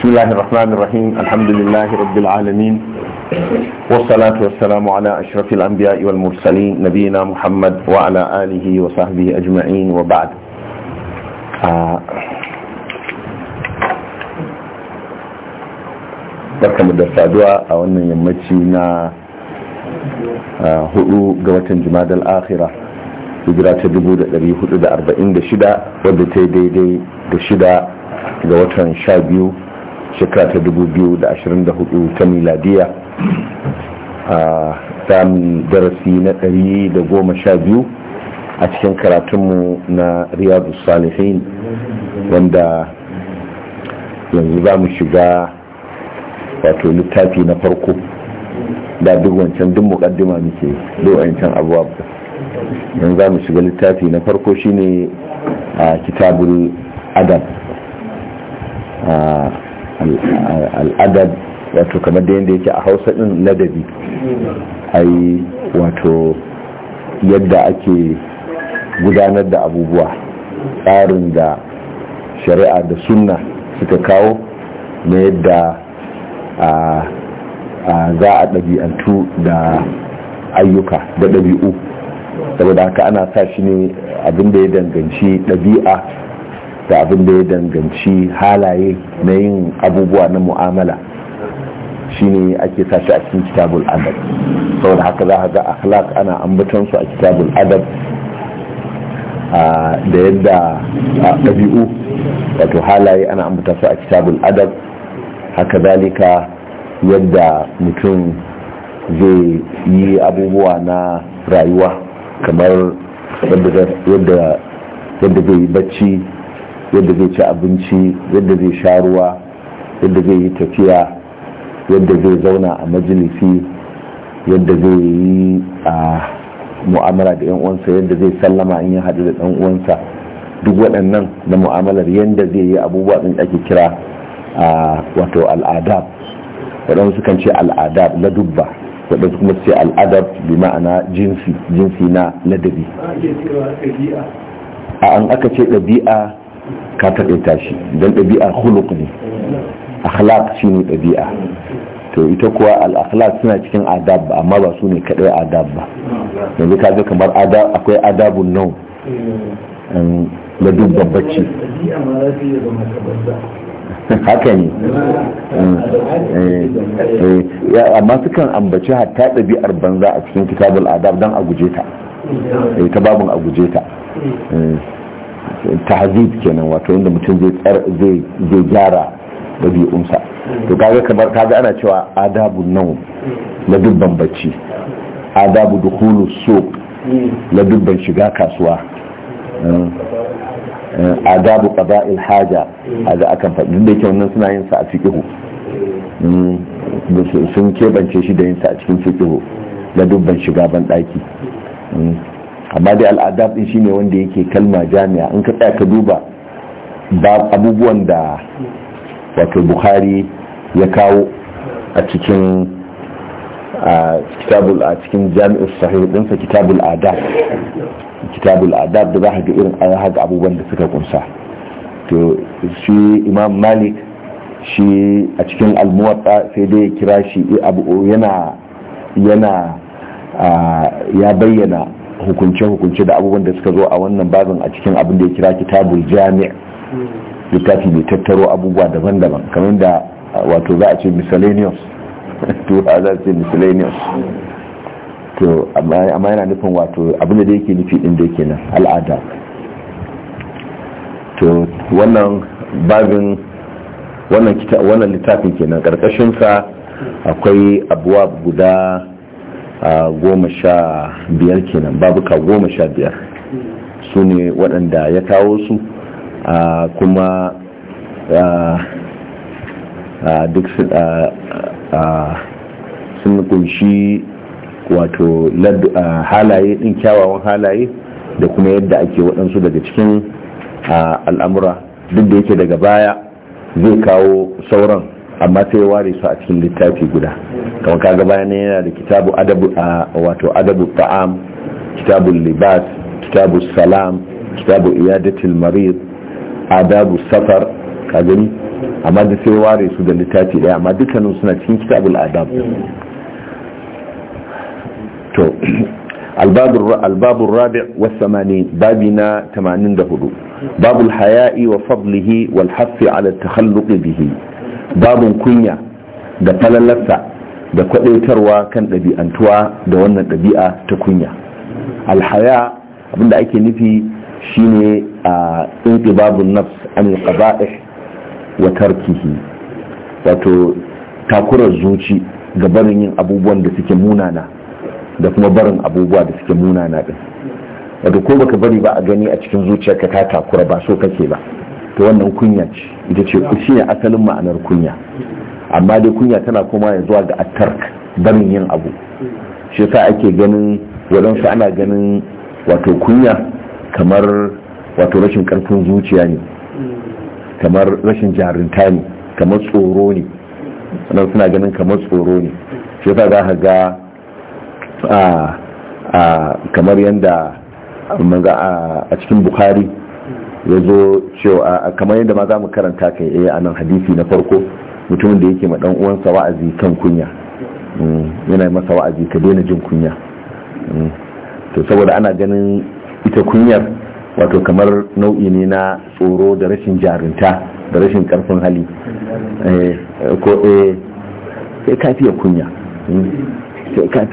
بسم الله الرحمن الرحيم الحمد لله رب العالمين والصلاة والسلام على أشرف الأنبياء والمرسلين نبينا محمد وعلى آله وصحبه أجمعين وبعد barka mu da saduwa a wannan yammaci na ah, hudu ga watan jumadal akhira hijira ta 1446 wadda دي daidai da shida shekara ta 2024 ta miladiya a samun darasi na 112 a cikin karatunmu na riyadu salihin wanda yanzu za mu shiga wato littafi na farko da duk wancan duk mukaddima muke duk wancan abuwa yanzu za mu shiga littafi na farko shine a kitabul Adam. al'adab wato kamar da yadda yake a hausa ɗin ladabi ai wato yadda ake gudanar da abubuwa tsarin da shari'a da sunna suka kawo na yadda za a ɗabi'antu da ayyuka da ɗabi'u saboda haka ana sa shi ne abinda ya danganci ɗabi'a da abin da ya danganci halaye na yin abubuwa na mu'amala shi ne ake sashi a cikin kitabul adab saboda haka za ka ga akhlaq ana ambaton su a kitabul adab da yadda ɗabi'u wato halaye ana ambata su a kitabul adab haka zalika yadda mutum zai yi abubuwa na rayuwa kamar yadda zai yi bacci yadda zai ci abinci yadda zai sha ruwa yadda zai yi tafiya yadda zai zauna a majalisi yadda zai yi a mu'amala da 'yan'uwansa, yadda zai sallama in ya haɗu da ɗan uwansa duk waɗannan na mu'amalar yadda zai yi abubuwa ɗin ake kira a wato al'adab waɗansu kan ce al'adab ladubba waɗansu kuma ce al'adab bi ma'ana jinsi jinsi na ladabi a an aka ce ɗabi'a ka taɗaita shi don ɗabi'a huluk ne akhlaq shi ne ɗabi'a to ita kuwa al-akhlaq suna cikin adab ba amma ba su ne kaɗai adab ba yanzu ka ga kamar akwai adabun nau da duk babbaci haka ne eh, eh, eh, amma sukan ambaci hatta ɗabi'ar banza a cikin kitabul adab don a guje ta ta babin a guje ta tahzib kenan wato inda mutum zai gyara umsa. to kaga kamar kaga ana cewa adabu nau na dubban bacci adabu dukhulu suq na dubban shiga kasuwa eh, adabu qada'il haja hada akan faɗi da yake wannan suna yin sa a fiqhu hmm, sun kebance shi da yin sa a cikin fiqhu na dubban shiga ban daki hmm. amma dai al'adab din shine wanda yake kalma jami'a in ka tsaya ka duba abubuwan da wato bukhari ya kawo a cikin kitabul a cikin jami'ar sahih sa kitabul adab kitabul adab da za ga irin haka abubuwan da suka kunsa to shi imam malik shi a cikin almuwatta sai dai kira shi abu yana yana ya bayyana hukunce-hukunce da abubuwan da suka zo a wannan babin a cikin abin da ya kira kitabul jami' littafi mai tattaro abubuwa daban-daban kamar da uh, wato za a ce miscellaneous to za a ce miscellaneous to amma yana nufin wato abin da yake nufi din da yake nan al'ada to wannan babin wannan littafin kenan nan sa akwai abuwa guda goma sha biyar kenan babuka goma sha biyar su ne waɗanda ya kawo su kuma duk sun kunshi wato halaye ɗin kyawawan halaye da kuma yadda ake waɗansu daga cikin al'amura duk da yake daga baya zai kawo sauran amma sai ware su a cikin littafi guda kamar kaga bayan yana da kitabu adabu a wato adabu ta'am kitabu libas kitabu salam kitabu iyadatul marid adabu safar ka gani amma da sai ware su da littafi daya amma dukkanin suna cikin kitabul adab to الباب الرابع والثمانين بابنا تمانين دهدو باب الحياء وفضله والحث على التخلق bihi. Babun kunya da falalarsa da kwadaitarwa kan ɗabi'antuwa da wannan ɗabi'a ta kunya alhaya abinda ake nufi shine a inqibabun nafs an qaba'ih wa tarkihi wato takurar zuci ga barin yin abubuwan da suke munana da kuma barin abubuwa da suke munana ɗin wato ko baka bari ba a gani a cikin zuciyarka ta takura ba so kake ba Ta wannan kunya ce ita ce shi ne asalin ma'anar kunya amma dai kunya tana kuma ya zuwa ga atark barin yin abu shi sa ake ganin waɗansu ana ganin wato kunya kamar wato rashin ƙarfin zuciya ne kamar rashin jarinta ne kamar tsoro ne wannan suna ganin kamar tsoro ne shi sa za ka ga a kamar yadda a cikin bukari ya zo cewa kamar yadda ma za mu karanta kai eh a nan hadisi na farko mutumin da yake ma uwansa wa'azi kan kunya mm, yana masa wa'azi ka daina jin kunya mm, to saboda ana ganin ita kunyar wato kamar nau'i ne na tsoro da rashin jarinta da rashin karfin hali eh, ko eh sai ka kunya mm, ka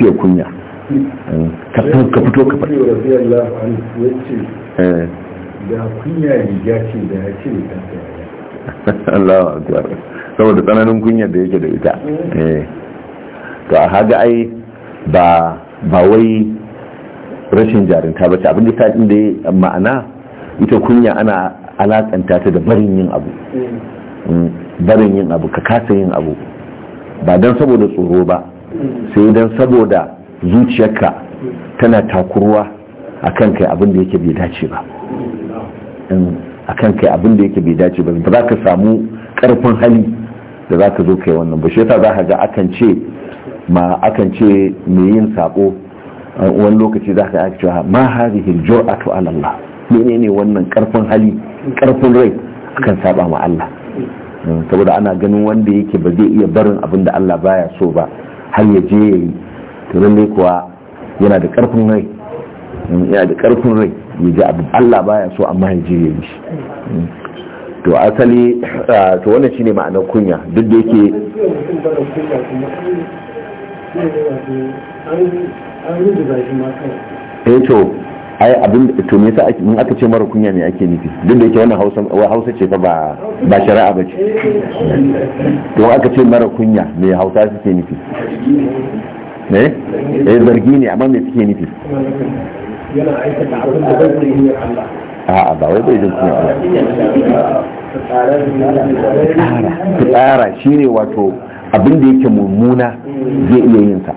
ka fito ka fito da kunya riga ce da ya ce saboda tsananin kunyar da yake da ita eh. to a haga ai ba ba wai rashin jarinta ba ce abin da ɗin da ma'ana ita kunya ana alakanta ta da barin yin abu mm. barin yin abu ka kasa yin abu ba don saboda tsoro ba sai don saboda zuciyarka tana takuruwa a kan kai abin yake bai dace ba a akan kai abin da yake bai dace ba ba za ka samu karfin hali da za ka zo kai wannan ba shi yasa za ka ga akan ce ma akan ce me yin sako wani lokaci za ka ake cewa ma hadhihi al-jur'atu ala Allah menene wannan karfin hali karfin rai akan saba ma Allah hmm, saboda ana ganin wanda yake ba zai iya barin abin da Allah baya so ba har ya je yayi to lalle kuwa yana da karfin rai hmm, yana da karfin rai ya ji abin Allah baya so amma ya je ya yi shi to asali to wannan shine ma'anar kunya duk da yake eh to ai abin to me yasa in aka ce mara kunya me ake nufi duk da yake wannan hausa hausa ce fa ba ba shari'a ba ce to aka ce mara kunya me hausa suke nufi ne eh? eh zargi ne amma me suke nufi yana aikata abin da zai yi Allah a'a ba wai bai Allah tsara shi ne wato abin da yake mummuna zai iya yin sa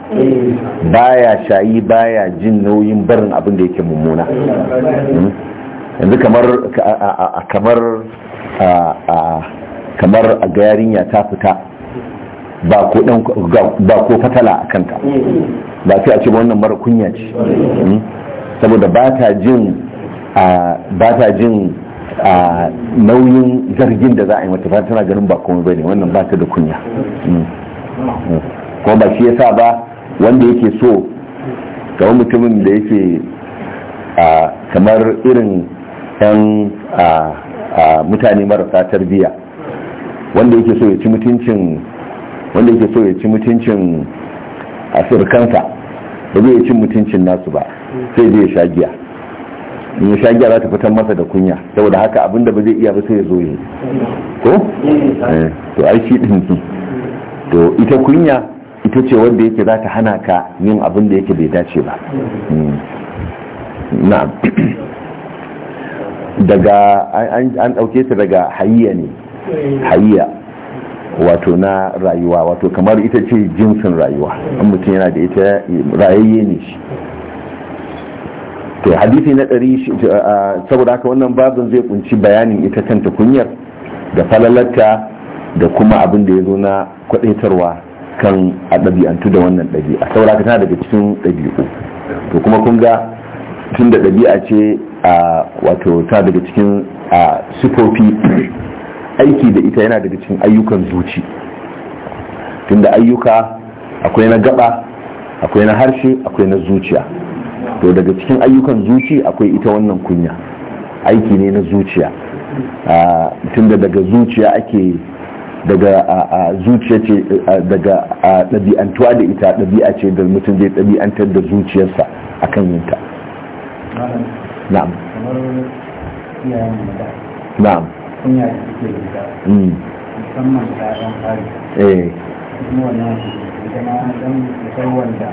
baya shayi baya jin nauyin barin abin da yake mummuna yanzu kamar kamar kamar a ga yarinya ta fita ba ko fatala a kanta ba sai a ce wannan mara kunya ce saboda ba ta jin a nauyin zargin da za a yi mata ba tana ganin ba komai bane wannan ba ta da kunya mm. kuma ba shi yasa ba wanda yake so kamar mutumin da yake kamar irin yan mutane marasa tarbiyya wanda yake so ya ci mutuncin wanda yake so ya ci mutuncin a sirkansa ba zai cin mutuncin nasu ba sai zai sha giya in ya sha giya za ta fitar masa da kunya saboda haka abinda ba zai iya ba sai ya zo yi ko eh, to ai shi din to ita kunya ita ce wanda yake za ta hana ka yin abin da yake bai dace ba hmm. na daga an dauke ta daga hayya ne hayya wato na rayuwa wato kamar ita ce jinsin rayuwa an mutum yana da ita rayayye ne shi to hadisi na ɗari saboda haka wannan babin zai kunci bayanin ita kanta kunyar da falalarta da kuma abin da ya zo na kwadaitarwa kan a ɗabi'antu da wannan ɗabi'a saboda haka tana daga cikin ɗabi'u to kuma kun ga tun da ɗabi'a ce a wato ta daga cikin sifofi aiki da ita yana daga cikin ayyukan zuci tunda ayyuka akwai na gaba akwai na harshe akwai na zuciya to daga cikin ayyukan zuci akwai ita wannan kunya aiki ne na zuciya tunda daga zuciya ake daga zuciya ce daga ɗabi'antuwa da ita ɗabi'a ce da mutum zai ɗabi'antar da zuciyarsa akan yinta na'am na'am kunya da suke gida hmm. musamman da ɗan fari eh kuma wannan ita ma ɗan mutar wanda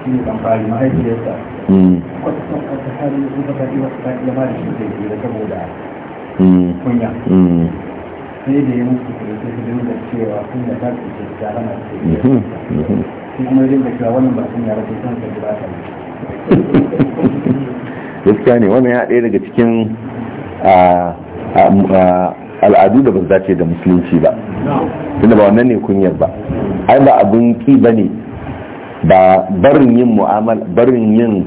shi ne ɗan fari mahaifiyarsa hmm. wata son wata hari sun ka faɗi wata ta iya ma da shi da gida saboda hmm. kunya sai da ya mutu da ta fi dinga cewa kunya ta ce ce ta hana ta ce kuma dinga cewa wannan ba kunya ba ce son ta gida ta gaskiya ne wannan ya ɗaya daga cikin ah, al'adu da ba dace da musulunci ba tunda ba wannan ne kunyar ba ai ba abun ki ba ne ba barin yin mu'amala barin yin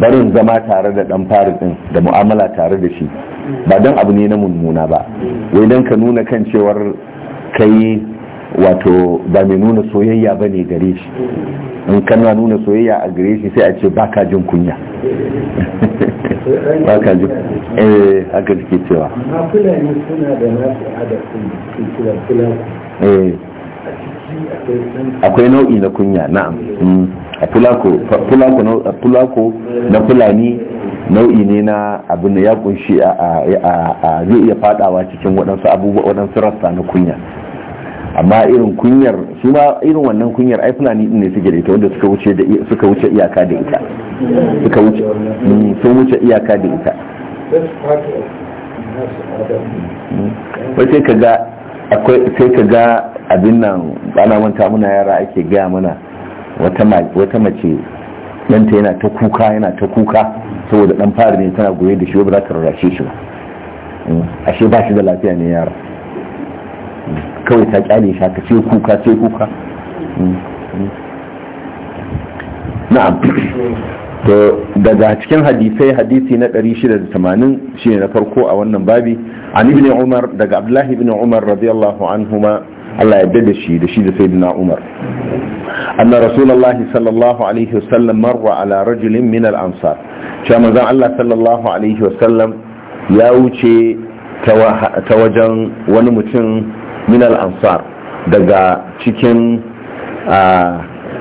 barin zama tare da dan farin din da mu'amala tare da shi ba don abu ne na mummuna ba wai don ka nuna kan cewar kai wato ba mai nuna soyayya ba ne gare shi in kana nuna soyayya a gare shi sai a ce ba ka jin kunya ba ka jin eh haka suke cewa amma fulani suna da nasu adadin fulani eh akwai nau'i na kunya na'am mm. a fulako na fulani nau'i ne na abin da ya kunshi a zai iya fadawa cikin waɗansu abubuwa waɗansu rasta na kunya amma irin kunyar su ma irin wannan kunyar ai fulani din ne suke da ita wanda suka wuce da suka wuce iyaka da ita suka wuce mm, sun wuce iyaka da ita sai ka ga akwai sai ka ga abin nan ana manta muna yara ake gaya mana wata mace ɗanta yana ta kuka yana ta kuka saboda dan fara ne tana goye da shi ba za ta rarrashe shi ba mm, ashe ba shi da lafiya ne yara kawai ta kyale shi haka sai kuka sai kuka hmm. na'am to daga cikin hadisai hadisi na 680 shine na farko a wannan babi an ibn umar daga abdullah ibn umar radiyallahu anhuma Allah ya da shi da shi da sayyidina umar anna rasulullah sallallahu alaihi wasallam marra ala rajulin min al ansar cewa manzon Allah sallallahu alaihi wasallam ya wuce ta wajen wani mutum min ansar daga cikin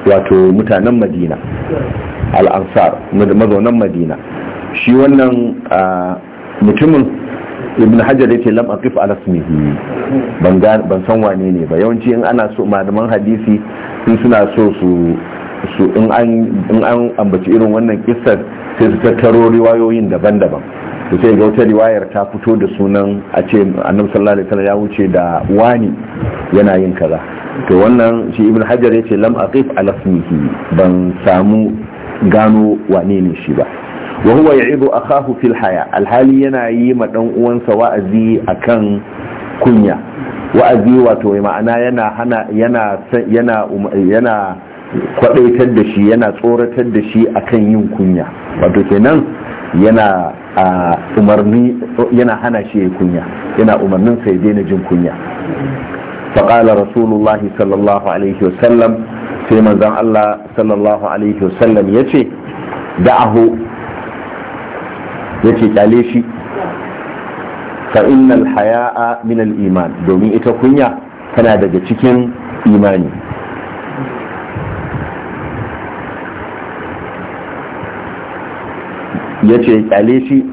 wato mutanen madina al-ansar mazaunan madina shi wannan mutumin ibn hajar yace lam aqif ala ismihi ban ban san wane ne ba yawanci in ana so malaman hadisi in suna so su su in an ambaci irin wannan kissar sai su tattaro riwayoyin daban-daban to sai ga wata riwayar ta fito da sunan a ce annabi sallallahu alaihi wasallam ya wuce da wani yana yin kaza to wannan shi ibn hajar yace lam aqif ala ismihi ban samu gano wane ne shi ba wa huwa ya'idu akahu fil haya alhali yana yi ma dan uwansa wa'azi akan kunya wa'azi wato ma'ana yana hana yana yana um, yana kwadaitar da shi yana tsoratar da shi akan yin kunya wato kenan yana a umarni yana hana shi ya kunya yana umarnin sai daina jin kunya faƙala rasulullahi sallallahu alaihi wasallam sai manzan Allah sallallahu alaihi wasallam ya ce da'ahu ya ce kyale shi fa innal haya'a min al-iman domin ita kunya tana daga cikin imani yace kyale shi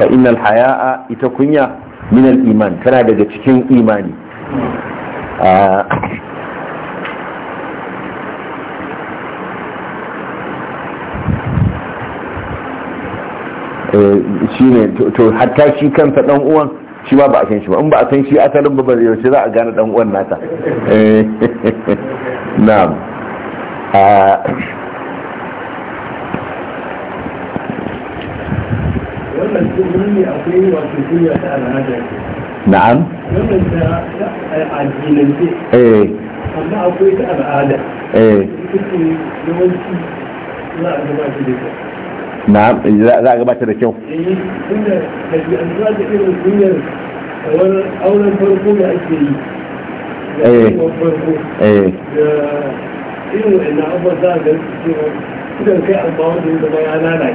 fa innal haya'a ita kunya min al iman tana daga cikin imani eh, shi ne to hatta shi kansa dan uwan shi ba ba a san shi ba in ba a san shi asalin ba ba yaushe za a gane dan uwan nata eh, na'am wannan ne na'am da kyau na'am za a gabata da kyau auren farko da ake yi eh. eh. irin abubuwa za a kai amma ya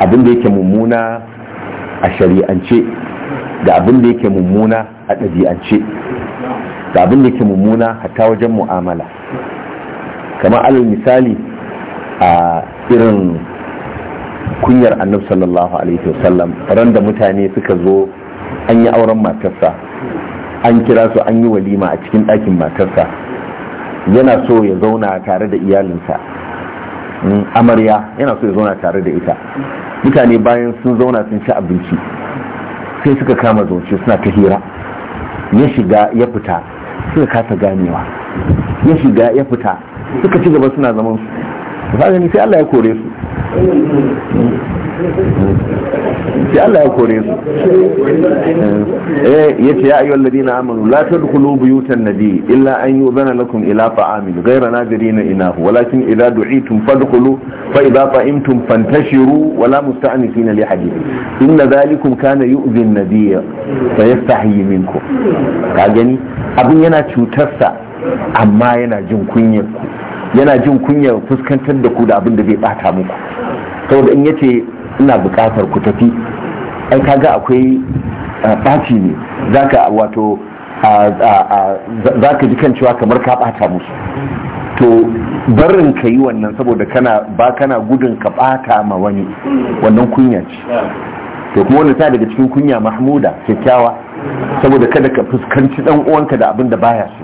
abin da yake mummuna a shari'ance da abin da yake mummuna a ɗabi'ance da abin da yake mummuna hatta wajen mu'amala kamar alal misali a irin kunyar annabi sallallahu alaihi wasallam ran da mutane suka zo an yi auren matarsa an kira su an yi walima a cikin ɗakin matarsa yana so ya zauna tare da iyalinsa amarya yana so ya zauna tare da ita mutane bayan sun zauna sun ci abinci sai suka kama zauce suna ta hira ya shiga ya fita suka kasa ganewa ya shiga ya fita suka ci gaba suna zaman su gani sai Allah ya kore su sai Allah ya kore su eh yace ya ayyuhal ladina amanu la tadkhulu buyutan nabi illa an yu'zana lakum ila ta'amin ghayra nadirina inahu walakin idza du'itum fadkhulu fa idza ta'imtum fantashiru wala musta'nisina li hadith inna dhalikum kana yu'zi an-nabiy fa yastahi minkum ka gani abin yana cutarsa amma yana jin kunyar ku yana jin kunyar fuskantar da ku da abin da zai bata muku saboda in yace ina bukatar ku tafi ai kaga akwai ɓaci ne ka wato ka ji kan cewa kamar ka ɓata musu to barin ka yi wannan saboda kana ba kana gudun ka ɓata ma wani wannan kunya ce to kuma wani ta daga cikin kunya mahmuda kyakkyawa saboda kada ka fuskanci dan uwanka da abin da baya su.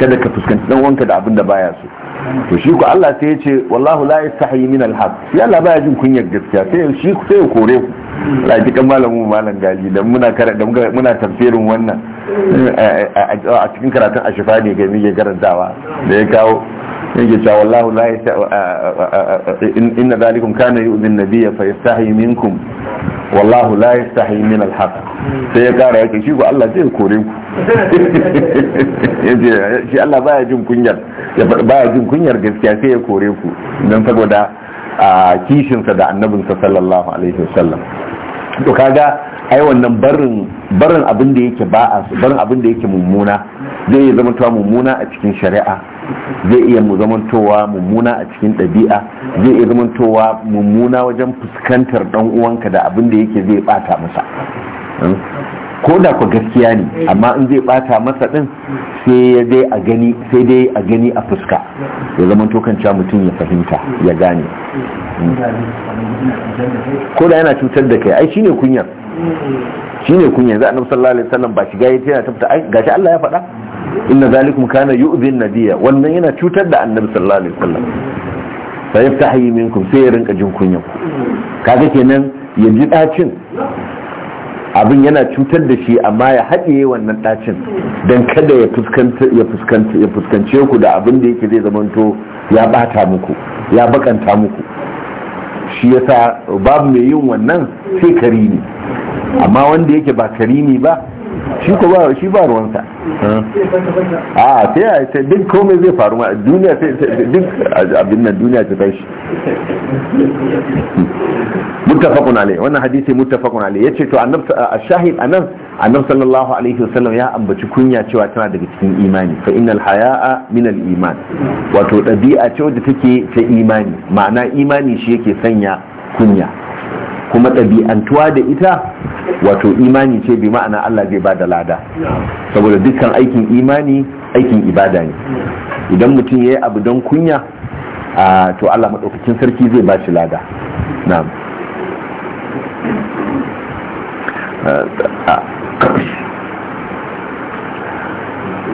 kada ka fuskanci dan uwanka da abin da baya su. to shi ko Allah sai ya ce wallahu la yastahi min alhaq ya Allah baya jin kunyar gaskiya sai shi sai ya kore ku Allah ki kan malamu malam gali dan muna kare da muna tafsirin wannan eh, eh, eh, a cikin karatun ashifa ne ga muke karantawa da ya kawo yake cewa wallahu la yasa inna dalikum kana yu'min nabiyya fa yastahi minkum wallahu la yastahi min alhaq sai ya kara yake shi ko Allah zai kore ku yake shi Allah baya jin kunyar ya baya jin kunyar gaskiya sai ya kore ku dan saboda kishinsa da annabinsa sallallahu alaihi wasallam to kaga ai wannan barin barin abin da yake ba a barin abin da yake mummuna zai iya zamantowa mummuna a cikin shari'a zai iya towa mummuna a cikin ɗabi'a zai iya towa mummuna wajen fuskantar dan uwanka da abin da yake zai bata masa hmm? ko da ku gaskiya ne amma in zai bata masa din sai dai a gani sai dai a gani a fuska ya zama to kanca mutum ya fahimta ya gane hmm? ko da yana cutar da kai ai shine kunyar shine kun yanzu annabi sallallahu alaihi wasallam ba shiga yayi yana tafta gashi Allah ya faɗa inna zalikum kana yu'dhin nabiyya wannan yana cutar da annabi sallallahu alaihi wasallam fa yaftahi minkum sai ya rinka jin kunyan kaga kenan ya ji dacin abin yana cutar da shi amma ya haɗiye wannan dacin don kada ya fuskance ku da abin da yake zai zamanto ya ɓata muku ya bakanta muku shi yasa babu mai yin wannan sai kari ne amma wanda yake ba kari ne ba shi ko ba shi ba ruwansa a ah, sai a duk komai zai faru duniya sai duk abin nan duniya ta tashi muttafaqun alai wannan hadisi muttafaqun ya yace to annabi shahid anan annabi sallallahu alaihi wasallam ya ambaci kunya cewa tana daga cikin imani fa innal haya'a min iman wato dabi'a ce wadda take ta imani ma'ana imani shi yake sanya kunya kuma ɗabi'antuwa da ita wato imani ce bi ma'ana Allah zai ba da lada saboda dukkan aikin imani aikin ibada ne idan mutum ya yi abu don kunya to Allah maɗaukakin sarki zai ba shi lada na'am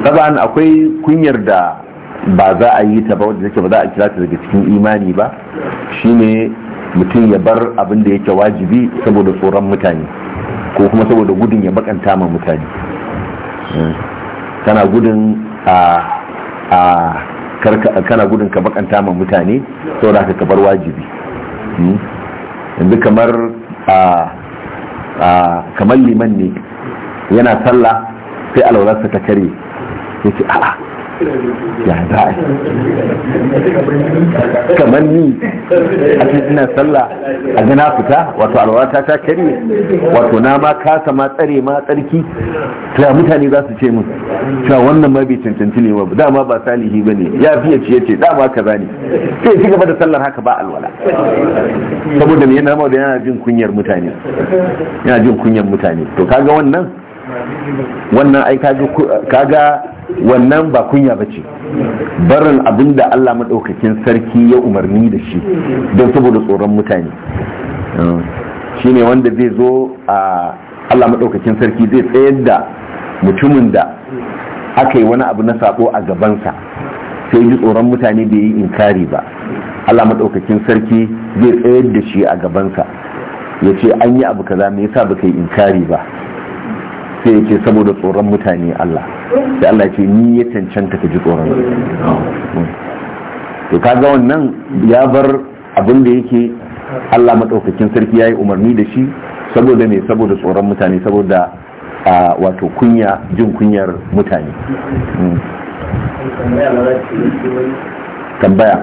taban akwai kunyar da ba za a yi ta ba wanda take ba za a kira ta daga cikin imani ba shine mutum ya bar abin da yake wajibi saboda tsoron mutane ko kuma saboda gudun ya bakanta ma mutane eh, tana gudun kana gudun ka bakanta ma mutane saboda haka ka bar wajibi hmm? yanzu kamar a kamar liman ne yana sallah sai alwalarsa ta kare ya a'a ya za a kamar ni a ina sallah a gina fita wato alwata ta karye wato na ma kasa ma tsare ma tsarki ta mutane za su ce min cewa wannan ma bai cancanci ne ba dama ba salihi ba ne ya fiye ciye ce dama ka zane sai ci gaba da sallar haka ba alwala saboda me yana da yana jin kunyar mutane yana jin kunyar mutane to kaga wannan wannan ai kaga wannan ba kunya ba ce barin abin da Allah maɗaukakin sarki ya umarni da shi don saboda tsoron mutane shi ne wanda zai zo a Allah maɗaukakin sarki zai tsayar da mutumin da aka yi wani abu na sako a gabansa sai ji tsoron mutane bai yi inkari ba Allah maɗaukakin sarki zai tsayar da shi a gabansa ya ce an yi abu kaza me yasa baka yi inkari ba sai yake saboda tsoron mutane Allah sai Allah ce ni ya cancanta ka ji tsoron to ga wannan ya bar abin da yake Allah madaukakin sarki ya yi umarni da shi saboda ne saboda tsoron mutane saboda wato kunya jin kunyar mutane hmm. tambaya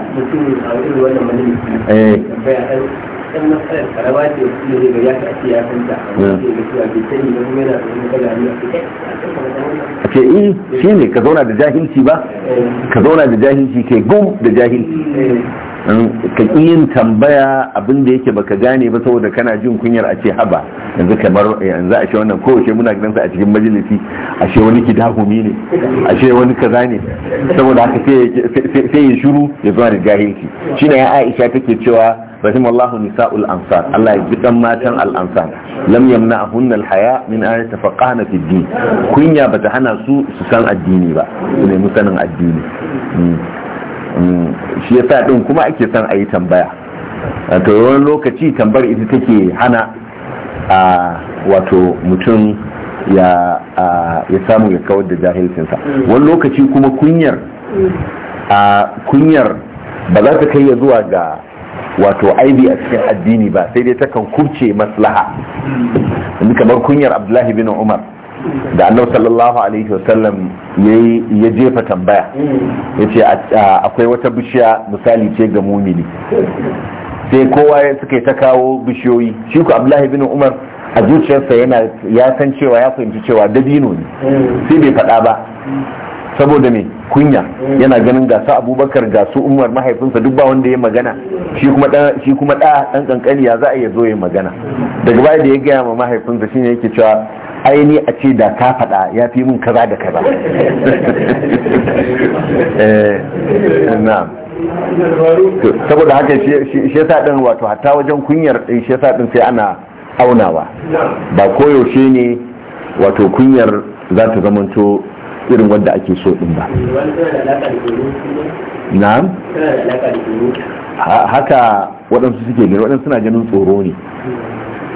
ɗan matsalar karawa ce su ne ga ya kace ya kanta hmm. amma ke da cewa bai kuma yana da wani kaga ne ke yi eh, shi ne ka zauna da jahilci ba eh. ka zauna da jahilci ke gum da jahilci eh. hmm, ka yin tambaya abin da yake baka gane ba saboda kana jin kunyar a ce haba yanzu kamar yanzu a ce wannan kowace muna ganin a cikin majalisi a ce wani dahumi ne a ce wani kaza ne saboda haka sai ya shiru ya zuwa da jahilci shine ya Aisha take cewa رحم الله نساء الأنصار الله يجدن ماتن الأنصار لم يمنعهن الحياء من أن يتفقهن في الدين كنيا بتحنا سوء سسان الديني با مسان الديني shi yasa din kuma ake son a yi tambaya to wani lokaci tambar ita take hana a wato mutum ya samu ya kawar da jahilcinsa wani lokaci kuma kunyar a kunyar ba za ta kai ya zuwa ga wato aibi a cikin addini ba sai dai takan kurce maslaha yanzu kamar kunyar abdullahi bin umar da annabi sallallahu alaihi wasallam ya jefa tambaya ya ce akwai wata bishiya misali ce ga mumini sai kowa ya suka ta kawo bishiyoyi shi ku abdullahi bin umar a zuciyarsa yana ya san cewa ya fahimci cewa dabino ne sai bai faɗa ba saboda me kunya yana ganin ga abubakar ga su umar mahaifinsa duk ba wanda ya magana shi kuma da ɗan ya za a iya zo ya magana daga baya da ya gaya ma mahaifinsa shine yake cewa aini a ce da ka faɗa ya fi mun kaza da kaza eh, saboda haka shi ya saɗin wato hatta wajen kunyar ɗin shi ya saɗin sai ana aunawa ba koyaushe ne wato kunyar za ta zamanto irin wanda ake so din ba na'am haka waɗansu suke gani waɗansu suna ganin tsoro ne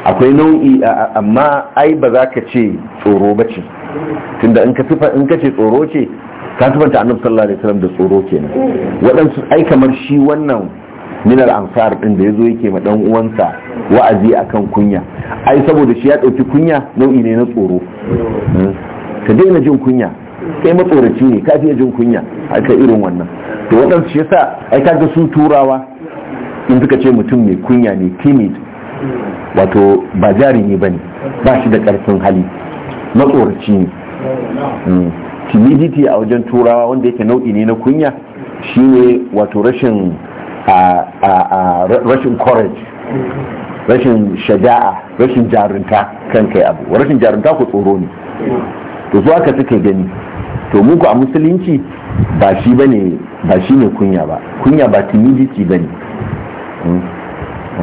akwai nau'i amma ai ba za ka ce tsoro ba ce tunda in ka ce tsoro ce ka tufanta annabi sallallahu alaihi wasallam da tsoro kenan waɗansu ai kamar shi wannan minar ansar din da yazo yake ma dan uwansa wa'azi akan kunya ai saboda shi ya ɗauki kunya nau'i ne na tsoro hmm? ka daina jin kunya kai matsoraci ne ka fiye jin kunya a ka irin wannan to waɗansu shi yasa ai kaga su turawa in suka ce mutum mai kunya ne timid wato ba jari ne bane ba shi da ƙarfin hali matsoraci ne mm. timidity a wajen turawa wanda yake nau'i ne na kunya shine wato rashin rashin courage rashin shaja'a rashin jarunta kan kai abu rashin jarunta ku tsoro ne to zuwa aka suka gani to muku a musulunci ba shi ne ba shi ne kunya ba kunya ba timidity bane hmm.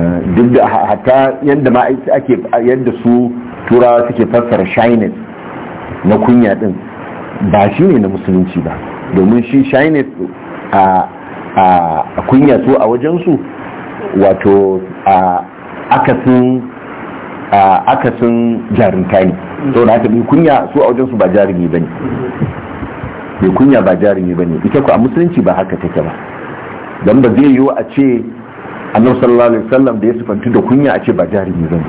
eh, duk da hata yadda ma ake yadda su turawa suke fassara shyness na kunya din ba shi ne na musulunci ba domin shi shyness a kunya su a wajensu wato a akasin akasin jarumta ne na haka bai kunya su a wajen su ba jarumi bane. ne bai kunya ba jarumi bane. ita ko a musulunci ba haka take ba dan ba zai yiwu a ce annabi sallallahu alaihi wasallam da ya sifantu da kunya a ce ba jarumi bane.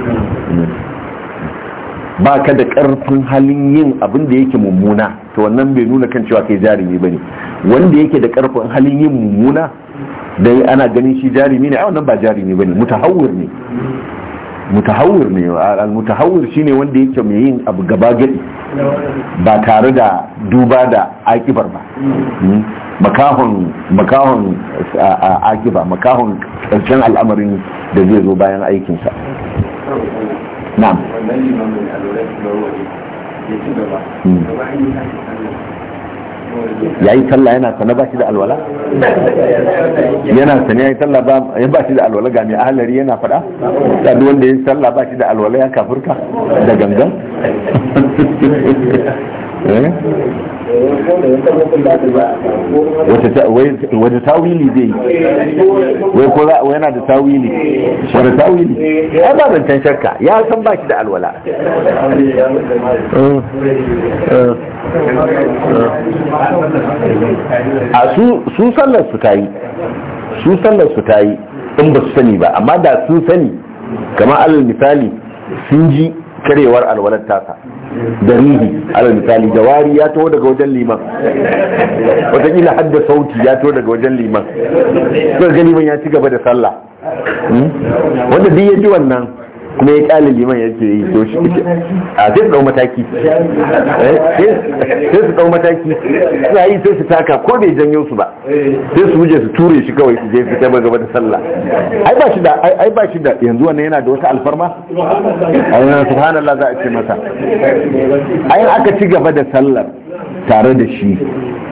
ba ka da karfin halin yin abin da yake mummuna to wannan bai nuna kan cewa kai jarumi bane. wanda yake da karfin halin yin mummuna dai ana ganin shi jarumi ne a wannan ba jarumi bane mutahawwir ne mutahawir ne al-mutahawir shine wanda yake mai yin abu gaba gadi ba tare da duba da akibar ba hmm? makahon makahon akiba makahon karshen al'amarin da zai zo bayan aikin sa na'am ya yi sallah yana sana ba shi da alwala yana sana ya yi sallah ba shi da alwala ga mai ahalari yana fada da duk wanda ya yi sallah ba shi da alwala ya kafurka da gangan Eh? wata tawili zai wai ko za yana da tawili wata tawili ya ba zancen shakka ya san ba shi da alwala a su sallar su tayi su sallar su tayi in ba su sani ba amma da sun sani kamar alal misali sun ji karewar alwalar tasa da rihi alal misali jawari ya taho daga wajen liman wataƙila hadda sauti ya taho daga wajen liman suka ga liman ya ci gaba da sallah hmm? wanda duk ya ji wannan kuma ya kyale liman yake yi to shi a sai su dau mataki eh, sai su dau mataki suna yi sai su taka ko bai janyo su ba sai su wuce su ture shi kawai su je su taimaka gaba da sallah ai ba shi da ai ba shi da yanzu wannan yana da wata alfarma ai subhanallah za a ce masa ai aka ci gaba da sallar tare da shi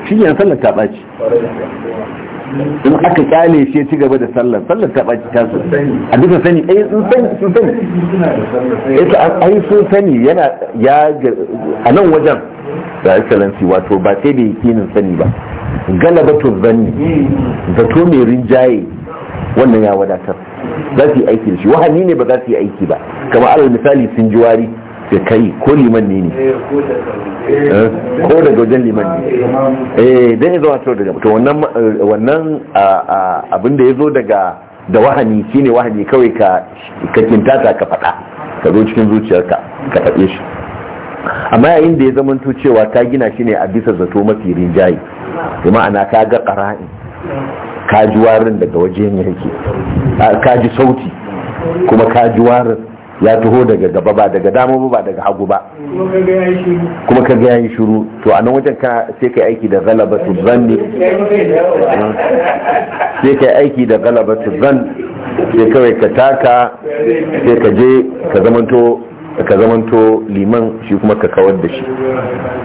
shi ne sallar ta ɓaci in aka kyale shi ya ci gaba da sallar sallar ta ɓaci ta a duka sani eh sun sani sun sani eh, ai sun sani yana ya a nan wajen da excellency wato ba sai da yakinin sani ba galabatu zanni zato mai rinjaye wannan ya wadatar za su yi aiki da shi wahani ne ba za su yi aiki ba kamar alal misali sun ji wari ya kai ko liman ne ne eh, ko daga wajen liman ne eh dan ya wato daga to wannan eh, wannan abin da ya zo daga da wahani shine wahani kawai ka ka kintata ka faɗa ka zo cikin zuciyarka ka fade shi amma yayin da ya zamanto cewa ta gina shi ne a bisa zato mafi rinjaye bi ma'ana ka ga ƙara'in ka ji warin daga wajen yake ka ji sauti kuma ka ji warin ya taho daga gaba ba daga dama ba daga hagu ba kuma kaga yayi shiru to a nan wajen ka sai kai aiki da galabatu zanni sai kai aiki da galabatu zan sai kawai ka taka sai ka je ka zamanto ka zamanto liman shi kuma ka kawar da shi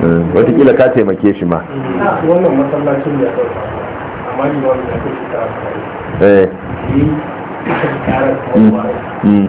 hmm. watakila ka taimake shi ma wannan masallacin da amma liman ya kai shi ta eh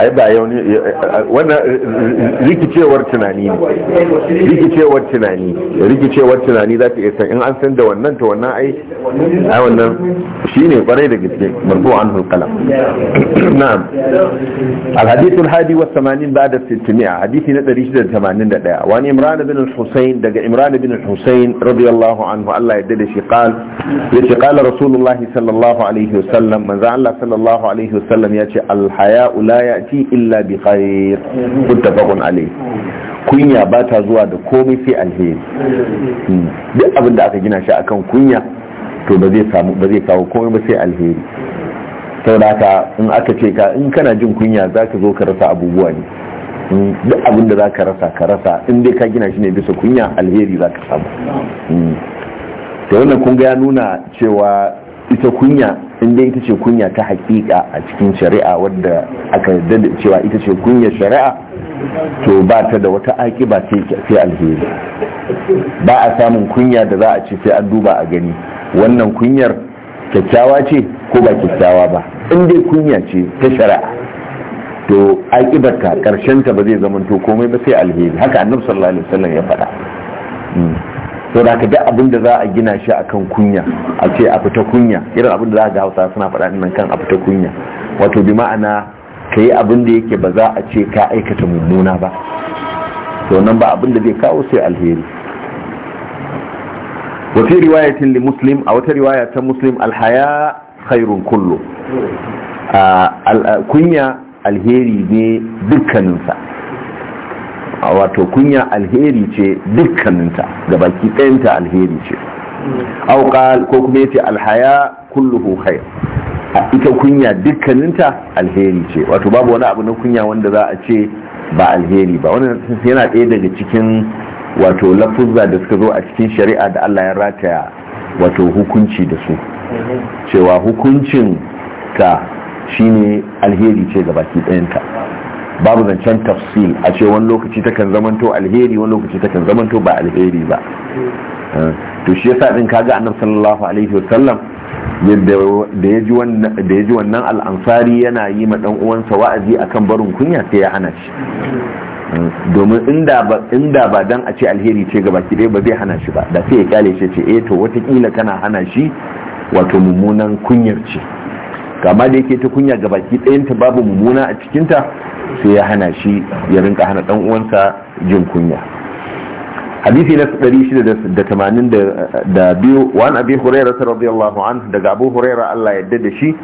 ai ba yau ne wannan rikicewar tunani ne rikicewar tunani rikicewar tunani za ta isa in an san da wannan ta wannan ai ai wannan shine kwarai da gaske marfu an hulqalam na'am al-hadith al-hadi wa 80 ba'da 600 hadisi na 681 wa ni imran ibn al-husayn daga imran bin al-husayn radiyallahu anhu Allah ya dade shi qal yace qala rasulullahi sallallahu alaihi wasallam manzo Allah sallallahu alaihi wasallam ya al-haya alhaya'u la ya'ti illa bi khair muttafaqun alayh kunya ba ta zuwa da komai sai alheri hmm. duk abin da aka gina shi akan kunya to ba zai samu ba zai kawo komai ba sai alheri saboda haka in aka ce ka in kana jin kunya zaka zo ka rasa abubuwa ne hmm. duk abin da zaka rasa ka rasa in dai ka gina shi ne bisa kunya alheri zaka samu hmm. to wannan kun ga ya nuna cewa ita kunya inda ita ce kunya ta hakika a cikin shari'a wadda aka yarda cewa ita ce kunya shari'a to ba ta da wata akiba sai alheri ba a samun kunya da za a ce sai an duba a gani wannan kunyar kyakkyawa ce ko ba kyakkyawa ba in dai kunya ce ta shari'a to akibarka karshen ta ba zai zamanto komai ba sai alheri haka annabi sallallahu alaihi wasallam ya faɗa hmm. to da duk abin da za a gina shi akan kunya a ce a fita kunya irin abin da za a ga hausa suna faɗa nan kan a fita kunya wato bi ma'ana ka yi abin da yake ba za a ce ka aikata mummuna ba to nan ba abin da zai kawo sai alheri wata riwaya muslim a wata riwaya ta muslim alhaya khairun kullu kunya alheri ne dukkaninsa a wato kunya alheri ce dukkaninta ga baki ɗayanta alheri ce auƙal ko kuma yace alhaya kulluhu khair ita kunya dukkaninta alheri ce wato babu wani abu na kunya wanda za a ce ba alheri ba wannan yana ɗaya daga cikin wato lafuzza da suka zo a cikin shari'a da Allah ya rataya wato hukunci da su cewa hukuncin ka shine alheri ce ga baki ɗayanta babu zancen tafsil a ce wani lokaci takan zamanto alheri wani lokaci takan zamanto ba alheri ba eh, to shi yasa din kaga annab sallallahu alaihi wa sallam da ya ji wannan al'ansari yana yi ma dan uwansa wa'azi akan barin kunya sai ya hana shi eh, domin inda ba dan a ce alheri ce baki ɗaya ba zai hana shi ba da sai ya kyale shi ce eh to watakila kana hana shi wato mummunan kunyar ce kama da yake ta kunya ga baki ɗayanta babu mummuna a cikinta sai ya hana shi ya rinka hana ɗan uwansa jin kunya hadisi na 682 wa an abi hurairah radiyallahu anhu daga abu hurairar Allah ya yarda da shi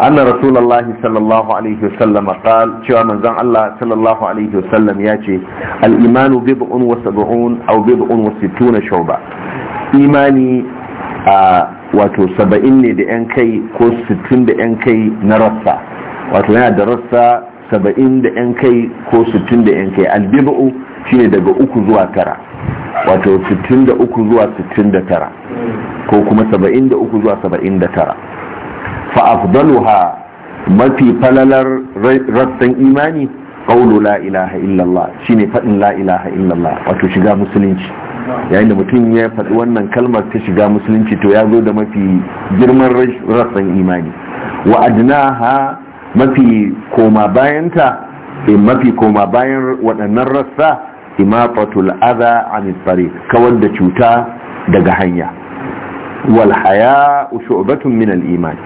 anna rasulullah sallallahu alaihi wasallam qal cewa manzan Allah sallallahu alaihi wasallam ya ce al imanu bid'un wa sab'un aw wasu wa sittuna shu'ba imani a wato saba'in ne da 'yan kai ko sittin da 'yan kai na rassa wato yana da rassa saba'in da 'yan kai ko sittin da 'yan kai shi ne daga uku zuwa tara wato sittin da uku zuwa sittin da tara ko kuma saba'in da uku zuwa saba'in da tara fa afdaluha mafi falalar rassan imani qawlu la ilaha illallah shine fadin la ilaha illallah wato shiga musulunci yayin da mutum ya faɗi wannan kalmar ta shiga musulunci to ya zo da mafi girman rassan imani wa adnaha mafi koma bayanta eh, mafi koma bayan waɗannan rassa imatatul adha an tariq kawar da cuta daga hanya wal haya shu'batun min al iman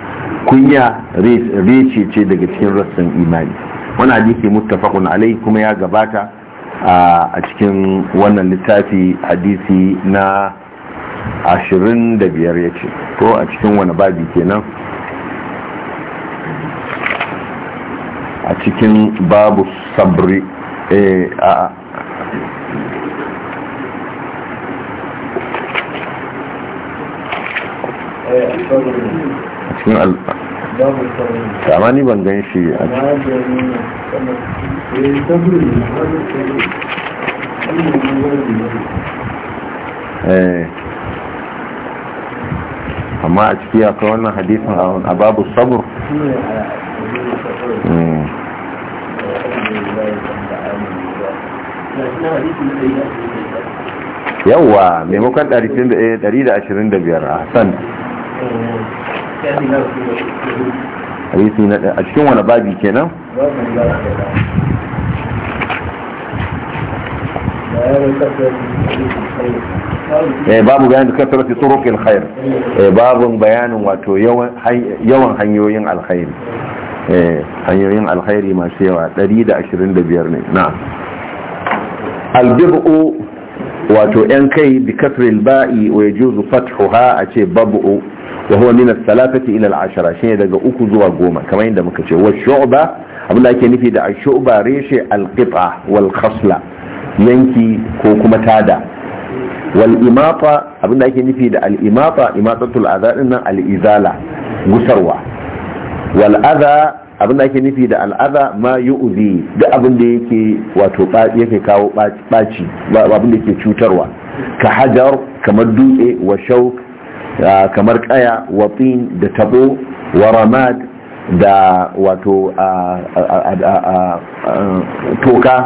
kunya rece ce daga cikin rassan imani wannan hadisi muttafaqun alai kuma ya gabata a cikin wannan littafi hadisi na 25 yace to a cikin wani babi kenan a cikin babu sabri eh, cikin alfa amma ni ban gan shi a eh. amma a ciki akwai wannan hadisun a babu sabur hmm. yawwa maimakon 125 eh, a hassan hadisi na a cikin wani babi kenan eh, babu bayanin kasarati turuqil khair eh, Babu bayanin wato yawan hanyoyin alkhairi eh, hanyoyin alkhairi masu yawa 125 ne na albibu wato yan kai bi kasril ba'i wa yajuzu fathuha a ce babu wa huwa min as-salatati ila al-ashara shine daga uku zuwa goma kamar yadda muka ce wa shu'ba abinda ake nufi da ash-shu'ba reshe al-qit'a wal khasla yanki ko kuma tada wal imata abinda ake nufi da al imata al adha din nan al izala gusarwa wal adha abinda ake nufi da al adha ma yu'zi duk abinda yake wato yake kawo baci abinda yake cutarwa ka hajar kamar dutse wa shauk kamar kaya watin da tabo wa ramad da wato toka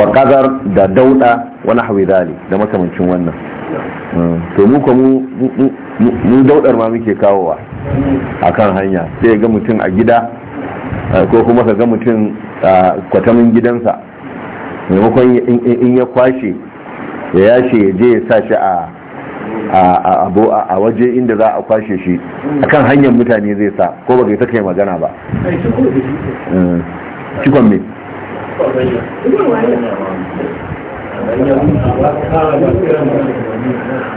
wa kazar da dauda wani hawizali da makamancin wannan to mu mu mu daudar ma muke kawowa a kan hanya sai ga mutum a gida ko kuma ka ga mutum kwatamin gidansa maimakon in ya kwashe ya yashe ya je ya sa shi a a waje inda za a kwashe shi kan hanyar mutane zai sa ko ba ta kai magana ba cikon eh, me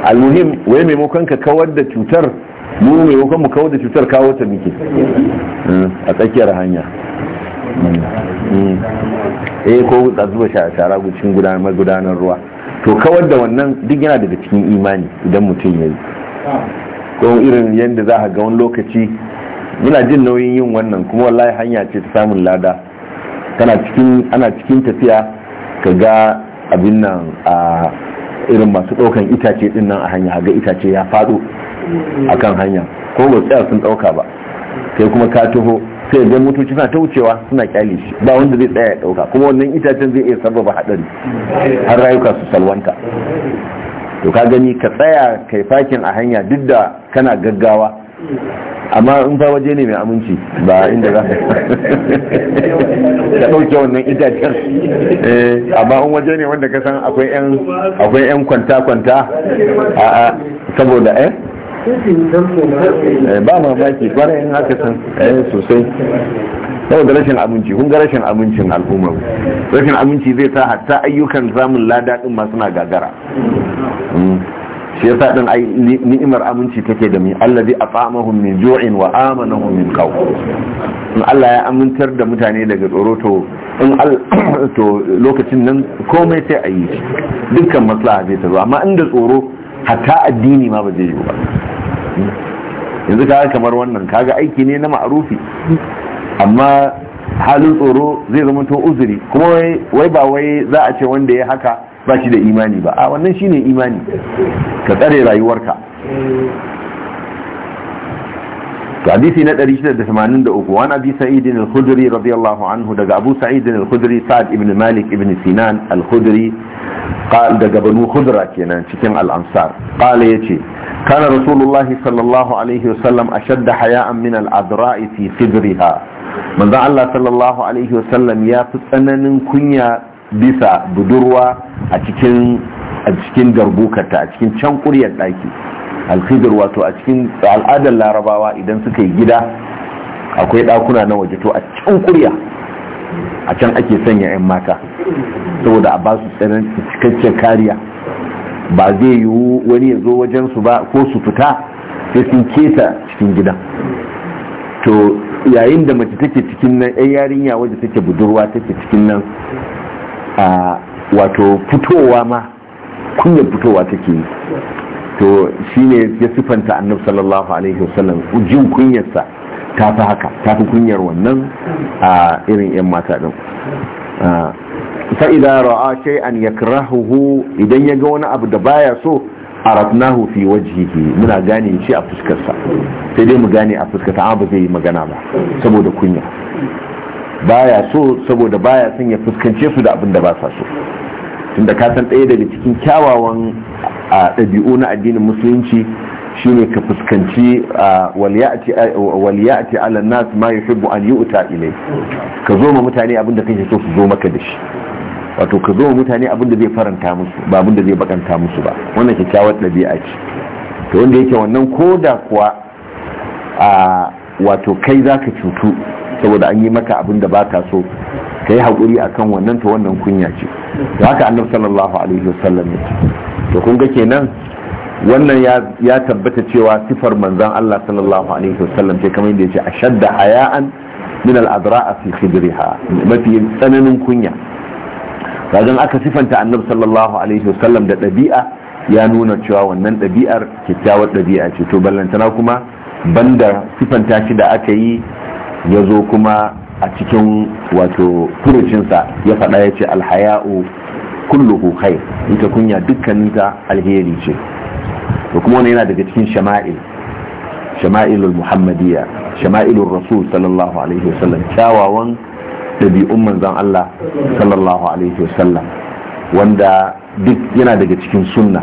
almuhim wai maimakon ka kawar da cutar mu maimakon mu kawar da cutar kawo ta muke eh, a tsakiyar hanya hmm. Hmm. eh ko zuba shara gudanar ruwa to kawar da wannan duk yana daga cikin imani idan mutum ya yi ko irin yadda za a ga wani lokaci muna jin nauyin yin wannan kuma wallahi hanya ce ta samun lada kana cikin ana cikin tafiya ka ga abin nan a irin masu ɗaukan itace din nan a hanya ga itace ya faɗo akan hanya ko ba tsaya sun ɗauka ba kai kuma ka taho sai ga motoci suna ta wucewa suna kyale shi ba wanda zai tsaya ya dauka kuma wannan itacen zai iya sarrafa hadari har rayuka su salwanta to ka gani ka tsaya kai fakin a hanya duk da kana gaggawa amma in fa waje ne mai aminci ba inda za ka dauke wannan itacen eh, amma in waje ne wanda ka san akwai 'yan kwanta-kwanta saboda eh Eh, ba ma mamaki kwarai in aka san eh, sosai yau da rashin abinci kun ga rashin abincin al'ummar rashin abinci zai sa hatta ayyukan zamun lada din ma suna gagara mm. shi yasa din ai ni'imar aminci take da mi allazi at'amahum min ju'in wa amanahum min qaw in Allah ya amintar da mutane daga tsoro to in to lokacin nan komai sai a yi dukkan maslaha zai ta amma inda tsoro hatta addini ma ba zai yi ba yanzu kaga kamar wannan kaga aiki ne na ma'arufi amma halin tsoro zai zama to uzuri kuma wai ba wai za a ce wanda ya haka ba shi da imani ba a wannan shine imani ka tsare rayuwarka hadisi na 683 wani abi sa'idin al-khudri radiyallahu anhu daga abu sa'idin al-khudri sa'ad ibn malik ibn sinan al-khudri daga banu khudra kenan cikin al-ansar qala yace kana rasulullahi sallallahu alaihi wasallam ashadda haya'an min al-adra'i fi sidriha manzo Allah sallallahu alaihi wasallam ya fi tsananin kunya bisa budurwa a cikin a cikin garbukarta a cikin can kuryar daki alkhidr wato a cikin al'adar larabawa idan suka yi gida akwai ɗakuna na waje to a can kurya a can ake sanya 'yan mata saboda a basu su cikakken kariya ba zai yiwu wani ya zo wajensu ba ko su fita sai sun keta cikin gidan to yayin da mace take cikin nan 'yan yarinya waje take budurwa take cikin nan wato fitowa ma kunyar fitowa take yi to shi ne ya sifanta annabi sallallahu alaihi wasallam jin kunyarsa ta fi haka ta fi kunyar wannan a irin 'yan mata din fa'ida ra'a an yakrahuhu idan ya ga wani abu da baya so arafnahu fi wajhihi muna gane shi a fuskarsa sai dai mu gane a fuskarsa amma ba zai yi magana ba saboda kunya baya so saboda baya son ya fuskance su da abin da ba sa so tunda ka san ɗaya daga cikin kyawawan a ɗabi'u na addinin musulunci shine ka fuskanci waliyati ala nas ma yuhibbu an yu'ta ilai ka zo ma mutane abin da kake so su zo maka da shi wato ka zo ma mutane abin da zai faranta musu ba abin da zai bakanta musu ba wannan kyakkyawar ɗabi'a ce to wanda yake wannan ko da kuwa a wato kai za ka cutu saboda an yi maka abin da baka so ka yi haƙuri akan wannan to wannan kunya ce da haka annabi sallallahu alaihi wasallam to kun ga kenan wannan ya tabbata cewa sifar manzon Allah sallallahu alaihi wasallam ce kamar yadda yace ashadda haya'an min al-adra'a fi khidriha mafi tsananin kunya kagan aka sifanta annabi sallallahu alaihi wasallam da ɗabi'a ya nuna cewa wannan ɗabi'ar kyakkyawar ɗabi'a ce to ballantana kuma banda sifanta shi da aka yi ya zo kuma a cikin wato furucinsa ya faɗa ya ce alhaya'u kulluhu khair ita kunya dukkaninta alheri ce da kuma wani yana daga cikin shama'il shama'ilul muhammadiyya shama'ilul rasul sallallahu alaihi wasallam kyawawan ɗabi'un manzon Allah sallallahu alaihi wasallam wanda duk yana daga cikin sunna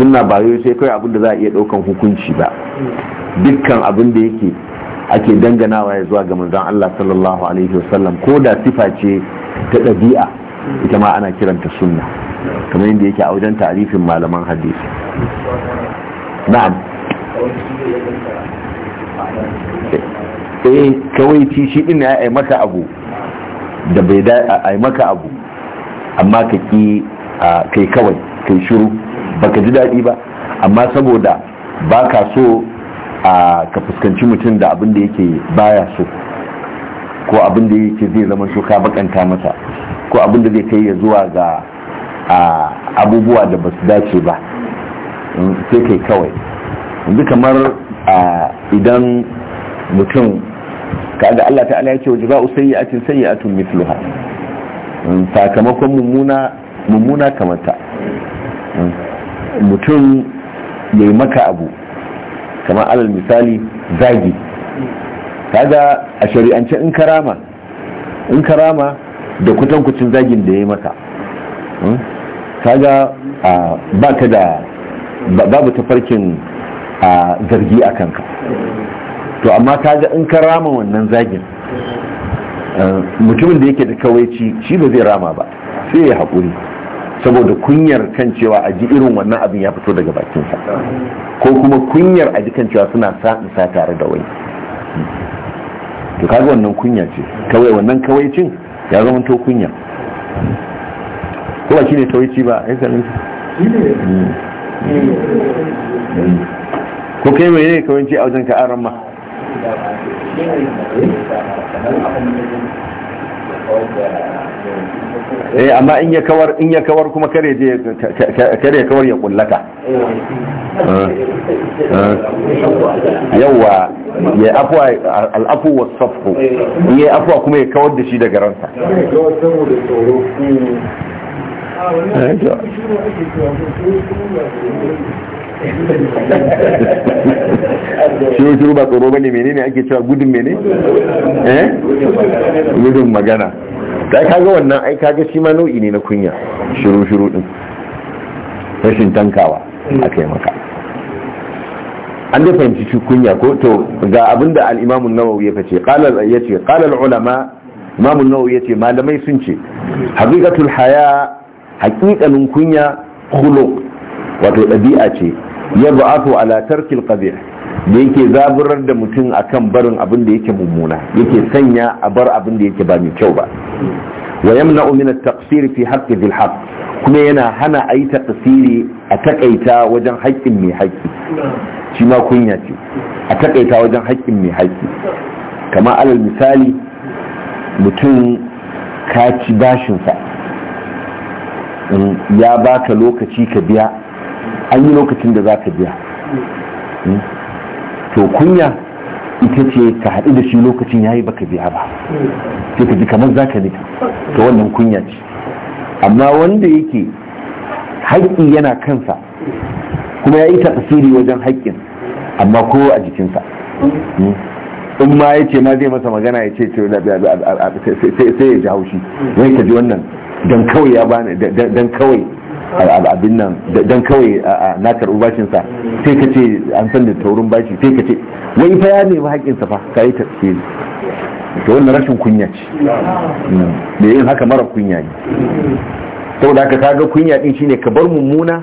sunna ba yau sai kawai abin da za a iya ɗaukan hukunci ba dukkan abin da yake ake danganawa ya zuwa ga manzon Allah sallallahu alaihi wasallam ko da sifa ce ta ɗabi'a ita ma ana kiranta sunna kamar yadda yake a wajen tarifin malaman hadisi na'am eh kawai ci shi din ya maka abu da bai da ai maka abu amma ka ki kai kawai kai shiru baka ji daɗi ba amma saboda baka so a ka fuskanci mutum da abin da yake baya so ko abin da yake zai zama so ka bakanta masa ko abin da zai kai ya zuwa ga abubuwa da ba su dace ba mm, sai kai kawai yanzu kamar idan mutum kaga Allah ta'ala ya ce wa jiba'u sayyi'atin sayyi'atun mithluha mm, sakamakon mummuna mummuna kamar ta mm, mutum yayi maka abu kamar alal misali zagi kaga a shari'ance in karama in karama da kutankucin zagin da ya yi maka hmm? kaga ba ka da babu tafarkin zargi a kanka to amma kaga in ka rama wannan zagin eh, mutumin da yake da kawai shi ba zai rama ba sai ya haƙuri saboda kunyar kan cewa a ji irin wannan abin ya fito daga bakinsa ko kuma kunyar a ji kan cewa suna sa tare da wai to kaga wannan kunya ce kawai wannan cin ya zama to kunya ko ba shine ci ba ai sanin hmm. ko kai mai ne ci a wajen ka aran ma Thank you. eh amma in ya kawar in ya kawar kuma kare je kare kawar ya kullaka eh, eh. yawa ya afwa al'afu was safu ya afwa kuma ya kawar da shi daga ransa eh, shi ba tsoro bane menene ake cewa gudun mene eh gudun magana ta kaga wannan ai kaga shi ma nau'i ne na kunya shiru shiru din rashin tankawa kai maka an da fahimci shi kunya ko to ga abinda al-Imam an-Nawawi ya ce qala yace qala al-ulama Imam an-Nawawi ce malamai sun ce haqiqatul haya hakikanin kunya khuluq wato ɗabi'a ce ya ba'atu ala tarkil Me da yake zaburar da mutum akan barin abin da yake mummuna yake sanya a bar abin da yake ba mai kyau ba wa yamna'u min at-taqsir fi kuma yana hana a yi taƙasiri a taƙaita wajen haƙƙin mai haƙƙi shi ma kunya ce a taƙaita wajen haƙƙin mai haƙƙi kama alal misali mutum ka ci bashinsa ya baka lokaci ka biya an yi lokacin da za ka biya hmm? to kunya ita ce ka haɗu da shi lokacin ya yi baka biya ba sai ka ji kamar za ka nika to wannan kunya ce amma wanda yake haƙƙi yana kansa kuma ya yi tasiri wajen haƙƙin amma ko a jikinsa hmm? in ma ya ce ma zai masa magana ya ce sai ya ji haushi wani ka ji wannan don kawai ya bani don kawai abin nan don kawai na karɓi sa sai ka ce an san da taurin baki sai ka ce wai fa ya nemi haƙƙinsa fa ka yi tafsiri to wannan rashin kunya ce da mm. yin haka mara kunya ne saboda haka ga kunya din shine ka bar mummuna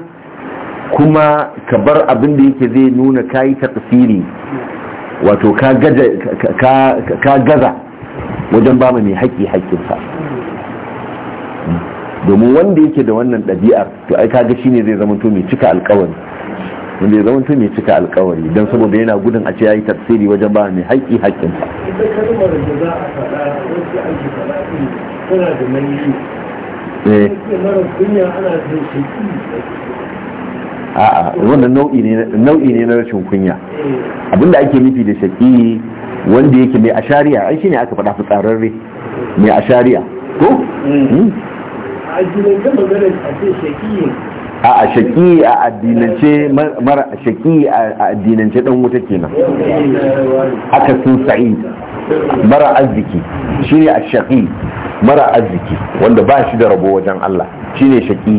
kuma ka bar abin da yake zai nuna ka yi tafsiri wato ka gaza wajen ba mai haƙƙi haƙƙinsa mm. domin wanda yake da wannan ɗabi'ar to ai kaga shine zai zama to mai cika alƙawari, wanda ya zama mai cika alƙawari, don saboda yana gudun a ce ya yi tafsiri wajen ba mai haƙƙi haƙƙin ta. Eh. a'a wannan nau'i ne na rashin kunya eh. abinda ake nufi da shaƙi wanda yake mai ashariya ai shine aka faɗa tsararre mai ashariya ko mm. hmm? a a shaki a addinance mara shaki a addinance dan wuta kenan aka sun sa'i mara arziki shine a shaki mara arziki wanda ba shi da rabo wajen Allah shine shaki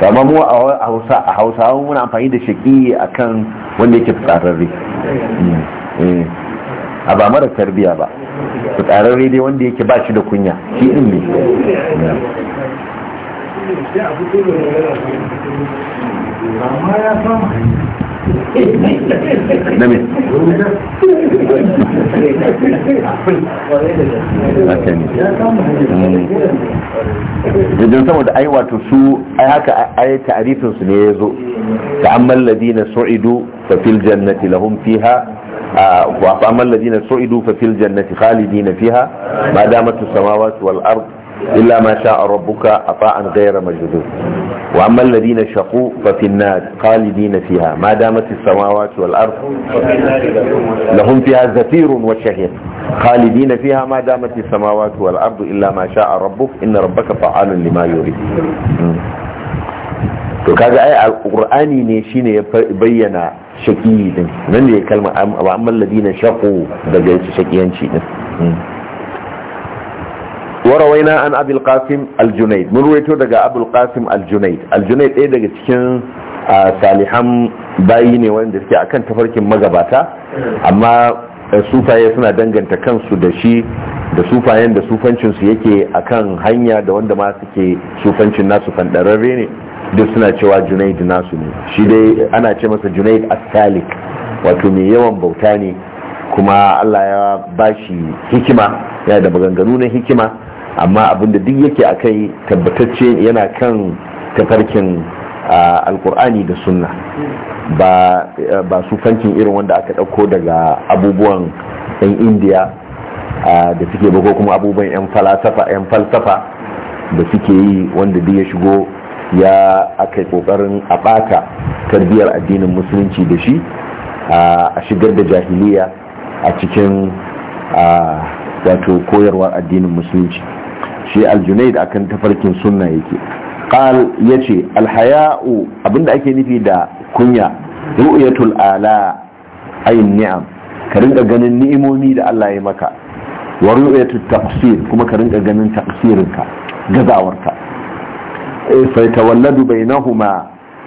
kama mu a hausa a hausa muna amfani da shaki akan wanda yake fitsararre mm, eh. a ba mara tarbiya ba fitsararre dai wanda yake ba shi da kunya shi din ne mm. نمت saboda ai wato su ai haka ai ta'arifin su ne yazo ta'ammal ladina su'idu fa fil jannati lahum fiha wa ta'ammal ladina su'idu fa fil jannati khalidina fiha ma damat as-samawati wal ardh إلا ما شاء ربك عطاء غير مجدود وأما الذين شقوا ففي النار خالدين فيها ما دامت السماوات والأرض لهم فيها زفير وشهير خالدين فيها ما دامت السماوات والأرض إلا ما شاء ربك إن ربك فعال لما يريد وكذا kaga القرآن نيشين يبين شكيين من يكلم أما الذين شقوا ne شكيين amma warawaina an abul qasim al junaid mun ruwaito daga abul qasim al junaid al junaid ɗaya daga cikin salihan bayi ne wanda suke akan tafarkin magabata amma sufaye suna danganta kansu da shi da sufayen da sufancinsu yake akan hanya da wanda ma suke sufancin nasu fandararre ne duk suna cewa junaid nasu ne shi dai ana ce masa junaid as-salik wato mai yawan bauta ne kuma allah ya bashi hikima yana da maganganu na hikima amma abin da duk yake a kai tabbatacce yana kan tafarkin alkur'ani da sunna ba fankin irin wanda aka ɗauko daga abubuwan 'yan indiya da suke ba kuma abubuwan 'yan falsafa 'yan falsafa da suke yi wanda duk ya shigo ya aka yi ƙoƙarin a ɓata tarbiyyar addinin musulunci da shi a shigar da jahiliya a cikin wato koyarwar addinin musulunci shi aljunaid akan tafarkin sunna yake qal yace alhaya'u abinda ake nufi da kunya ru'yatul ala ayin ni'am ka rinka ganin ni'imomi da Allah ya maka wa ru'yatul taqsir kuma ka rinka ganin taqsirinka gazawarka eh, fa yatawalladu bainahuma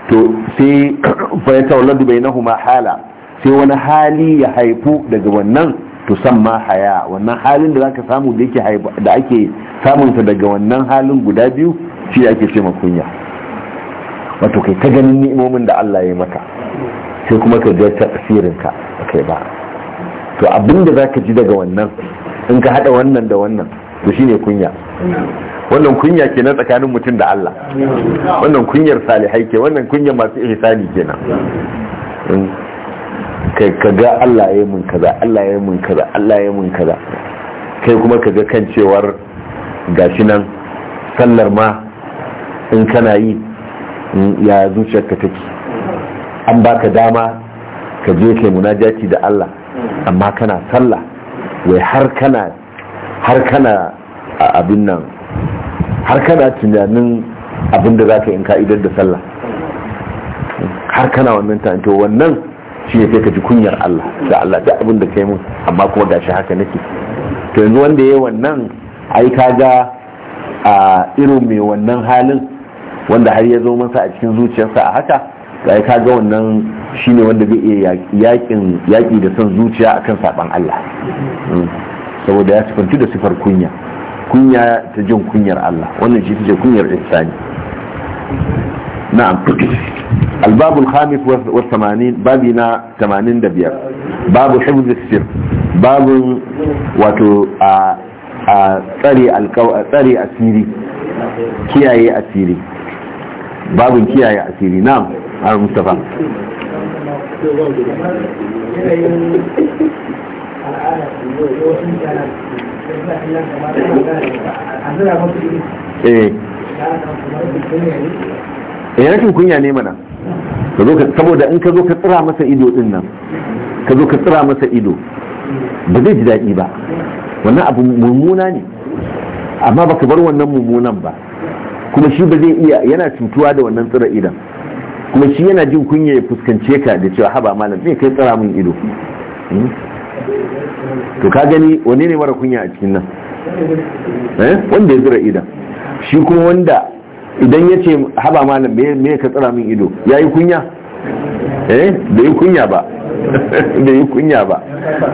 to sai fa yatawalladu bainahuma hala sai wani hali ya haifu daga wannan tusamma haya wannan halin da zaka samu da yake da ake samun sa daga wannan halin guda biyu shi ake ce ma kunya wato kai ta ganin ni'imomin da Allah ya maka sai kuma ka ga tasirin ka kai ba to abinda zaka ji daga wannan in ka hada wannan da wannan to shine kunya wannan kunya ke na tsakanin mutum da Allah wannan kunyar salihai ke wannan kunyar masu ihsani kenan ka ga Allah ya mun kaza Allah ya mun kaza Allah ya mun kaza kai kuma ka ga kan cewar gashi nan sallar ma in kana yi ya ka take an baka dama ka je kai munajati da Allah amma kana sallah wai har kana har kana abin nan har kana tunanin abin da za ka in ka'idar da sallah har kana wannan tanto wannan shi ne sai ka ji kunyar Allah da Allah da abin da kai mun amma kuma gashi haka nake to yanzu wanda yayi wannan ai ga a irin mai wannan halin wanda har ya zo masa a cikin zuciyarsa a haka ga ka ga wannan shine wanda zai iya yakin yaki da son zuciya akan saban Allah mm. saboda ya tsufanci da sifar kunya kunya ta jin kunyar Allah wannan shi ta kunyar insani na'am albabul khamis wa samanin babi na 85 babu hifz sir wato a tsare tsare asiri kiyaye asiri babun kiyaye asiri na'am har mustafa eh eh rashin kunya ne mana saboda in ka zo ka tsira masa ido din nan ka zo ka tsira masa ido ba zai ji daɗi ba wannan abu mummuna ne amma baka bar wannan mummunan ba kuma shi ba zai iya yana cutuwa da wannan tsira idan kuma shi yana jin kunya ya fuskance ka da cewa haba malam zai kai tsira min ido hmm? to ka gani wane ne mara kunya a cikin nan eh? wanda ya tsira idan shi kuma wanda idan ya ce haba malam me ka tsara min ido ya yi kunya eh bai yi kunya ba da yi kunya ba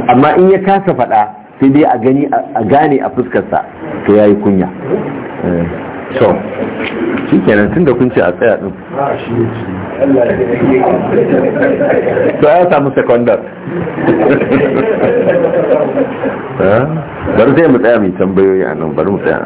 amma in ya kasa faɗa sai dai a gani a gane a fuskarsa to ya yi kunya so eh, shi kenan tun da kun ce a tsaya ɗin to ya samu sekondar eh, bari zai mu tsaya mai tambayoyi a nan bari mu tsaya